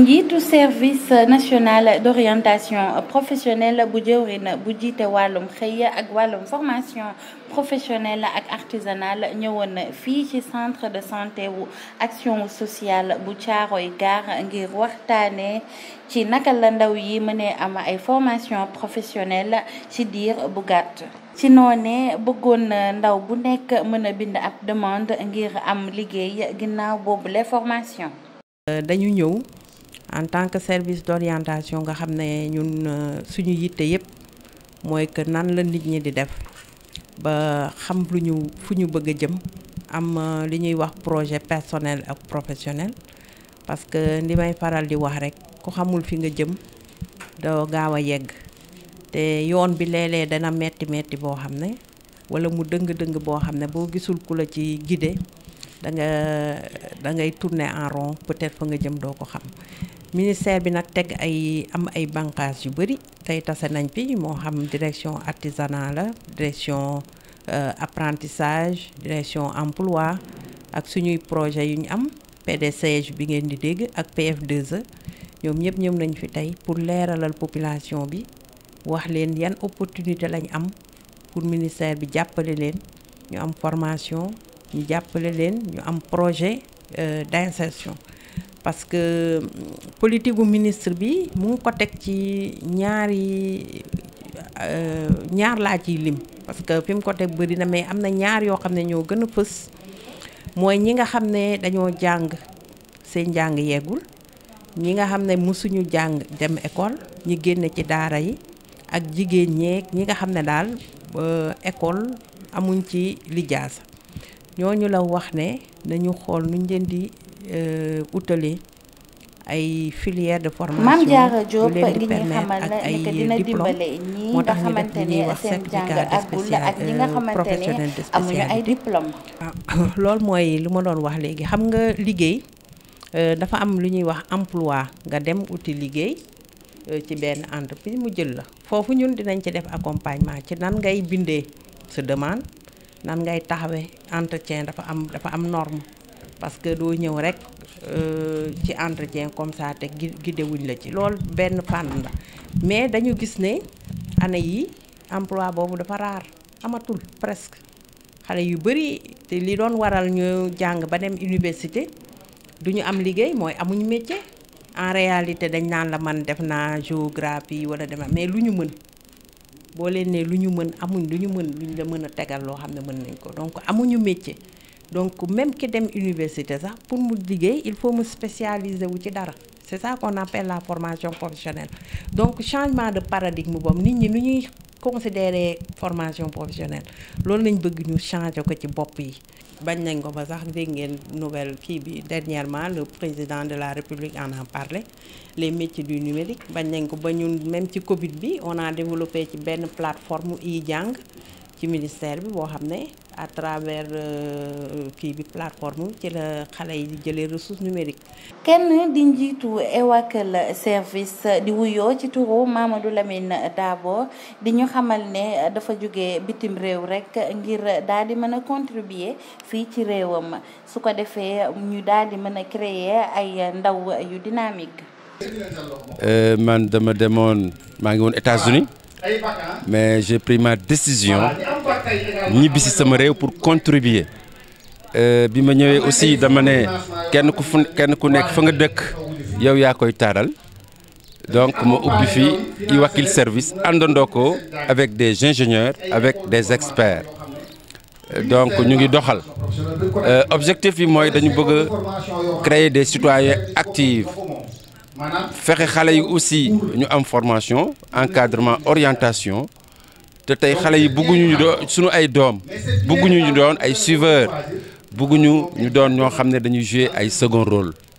njiitu service national d'orientation professionnelle bu jëwrin bu jité walum xeyya ak walum formation professionnelle ak artisanale ñewon fi ci centre de santé ou action sociale bu tiaroy Gare ngir waxtaanee ci naka la ndaw yi mëne am ay formation professionnelle ci dire bu gatte ci noné bëggoon ndaw bu nekk mëna bind demande ngir am liggéey ginnaaw boobule formation euh, dañu ñëw en tant que service d'orientation nga xam ne ñun euh, suñu yitte yépp mooy que nan la nit ñi di def ba xam lu ñu fu ñu bëgg a jëm am euh, li ñuy wax projet personnel ak professionnel parce que li may faral di wax rek ku xamul fi nga jëm doo gaaw a yegg te yoon bi léeg-léeg dana metti metti boo xam ne wala mu dëng-dëng boo xam ne boo gisul ku la ci guider danga nga da ngay tourner en rond peut-être fa nga jëm doo ko xam ministère bi nak teg ay am ay bànqaas yu bëri tay tassé nañ fi mo xam direction artisanat la direction euh, apprentissage direction emploi ak suñuy projet yu ñu am PDCG bi ngeen di dégg ak PF2E ñoom ñëpp ñëw nañ fi tay pour léralal population bi wax leen yan opportunité lañ am pour ministère bi jàppale leen ñu am formation ñu jàppale leen ñu am projet euh, d'insertion parce que politique gu ministre bi mu ngi ko teg ci ñaari euh, ñaar laa ciy lim parce que fi mu ko teg bëri na mais am na ñaar yoo xam ne ñoo gën a fës mooy ñi nga xam ne dañoo jàng seen jàng yeggul ñi nga xam ne mësuñu jàng dem école ñi génn ci daara yi ak jigéen ñeeg ñi nga xam ne daal euh, école amuñ ci lijaasa ñooñu la wax ne nañu xool nuñ leen di Euh, utali ay filière de formation Mame Diarra Diop gi ñuy xamal na ni que dina dimbale ñi nga xamante ne seen ay diplôme ah, ah, loolu mooy lu ma doon wax léegi xam nga liggéey euh, dafa am lu ñuy wax emploi nga dem uti liggéey euh, ci benn entreprise mu jël la foofu ñun dinañ ci def accompagnement ci nan ngay bindee sa demande nan ngay taxawee entretien dafa am dafa am norme parce que doo ñëw rek euh, ci entretien comme ça té guidé wuñ la ci lool ben fànn la mais dañu gis né année yi emploi bobu dafa rar amatul presque xalé yu bëri té li doon waral ñu jang ba dem université duñu am liggéey moy amuñ métier en réalité dañ naan la man def na géographie wala dem mais luñu mën bo leen ne lu mën amuñ luñu mën luñu la mëna tégal lo xamné xam mën nañ ko donc amuñu métier donc même que dem université pour me dire il faut me spécialiser C'est ça qu'on appelle la formation professionnelle donc changement de paradigme nous nit ñi formation professionnelle ce lañ nous ñu changer ko nouvelle dernièrement le président de la république en a parlé les métiers du numérique même nañ même covid on a développé une plateforme e ci ministère à travers euh, kii bi plateforme ci la xale yi di ressources numériques. kenn di njiitu Ewakel service di wuyoo ci turu Mamadou Lamine Dabo di ñu xamal ne dafa jóge bitim réew rek ngir daal di contribuer fi ci réewam su ko defee ñu daal di mën a créer ay ndaw yu dynamique. Euh, man dama demoon maa ngi woon États-Unis mais j'ai pris ma décision nous sommes sama pour contribuer je euh, ma aussi dama ne kenn ku fu kenn ku nekk fa nga dëkk yow yaa koy taaral donc ma service avec des ingénieurs avec des experts euh, donc nous ngi doxal euh, objectif bi mooy dañu bëgg créer des citoyens actifs faire xale yi aussi ñu am formation encadrement orientation te tay xalé yi bëggu ñu doon suñu ay doom bëggu ñu ñu doon ay suiveur bëggu ñu ñu doon ño xamné dañuy jouer ay second rôle